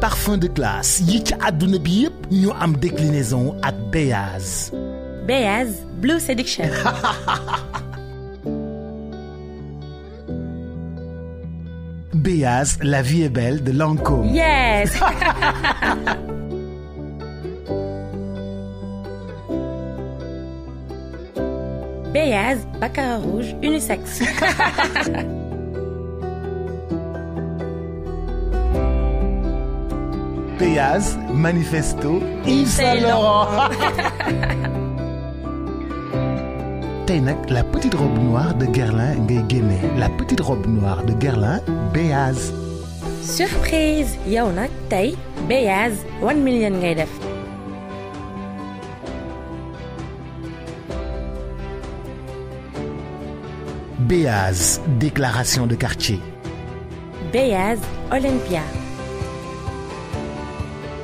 parfum de classe yi ci nous bi am déclinaison At Beyaz. Beyaz Blue Seduction. Beyaz la vie est belle de Lancôme. Yes. Beyaz, baccarat rouge, unisex. Béaz, Manifesto, Yves Saint Laurent. Tainak, la petite robe noire de Guerlain ngay la petite robe noire de Guerlain Béaz. surprise Yaona, Tay, Béaz 1 million ngay Béaz déclaration de quartier. Béaz Olympia.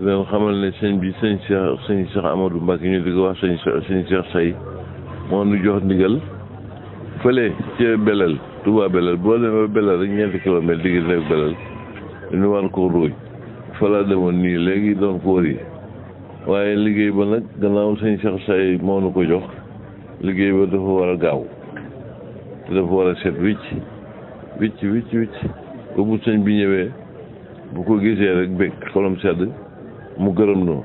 leen xamal ne sëñ bi sëñ Cheikh sëñ Cheikh Amadou Mbacke ñu di ko wax sëñ sëñ Cheikh Say moo nu jox ndigal fële ci Belal Touba Belal boo demee Belal rek ñeenti kilomètre digg nekk Belal ñu war ko ruuj fa demoon nii léegi doon ko wëri waaye liggéey ba nag gannaaw sëñ Cheikh Say moo nu ko jox liggéey ba dafa war a gaaw te dafa war a set wicc wicc wicc ba bu sëñ bi ñëwee bu ko gisee rek bëgg xolam sedd mu gërëm nu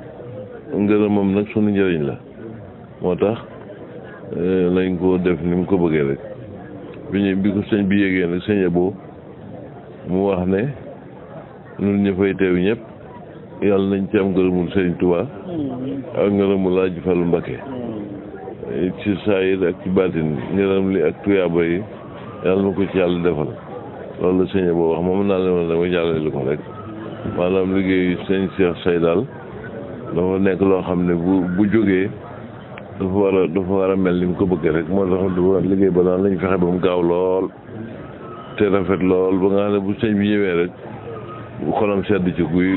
ngërëmam nag sunu njëriñ la moo tax lañ euh, ko def ni mu ko bëggee rek bi ñu bi ko sëñ bi yégee nag sëñ Abo mu wax ne ñun ñu fay teew ñëpp yàlla nañ ci am ngërëmul sëñ Tuubaa ak ngërëmul Laaji Fallu Mbakke ci saayir ak ci baatin ngërëm li ak tuyaaba yi yàlla na ko ci yàlla defal loolu la sëñ Abo wax moom naa leen woon dama jàllale ko rek maanaam liggéey sëñ Cheikh Seye daal dafa nekk loo xam ne bu bu jógee dafa war a dafa war a mel ni mu ko bëggee rek moo tax dafa liggéey ba daan lañ fexe ba mu gaaw lool te rafet lool ba nga xam ne bu sëñ bi ñëwee rek bu xolam sedd ci guy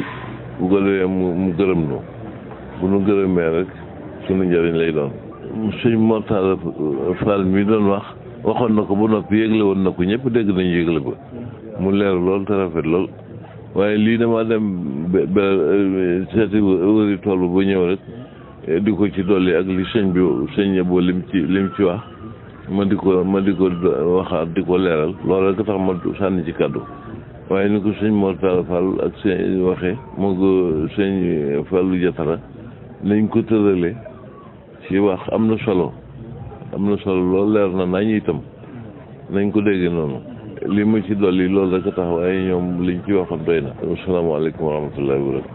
bu gëlëwee mu gërëm nu bu nu gërëmee rek suñu njëriñ lay doon sëñ Mortala Fall mi doon wax waxoon na ko ba noppi yëgle woon na ko ñëpp dégg nañu yëgle ba mu leer lool te rafet lool waaye lii dama dem ba seeti wëri tool ba ñëw rek di ko ci dolli ak li sëñ bi sëñ boo lim ci lim ci wax ma di ko ma di ko leeral loolu rek tax ma sànni ci kàddu waaye ni ko sëñ Mor Talla Fall ak sëñ waxee moo ko sëñ Fallu Jatara nañ ko tërale ci wax am na solo am na solo loo leer na nañ itam nañ ko dégg noonu li ma ci li loolu rek a tax waaye ñoom liñ ci waxoon doy na. asalaamaaleykum wa rahmatullahi wa barakatu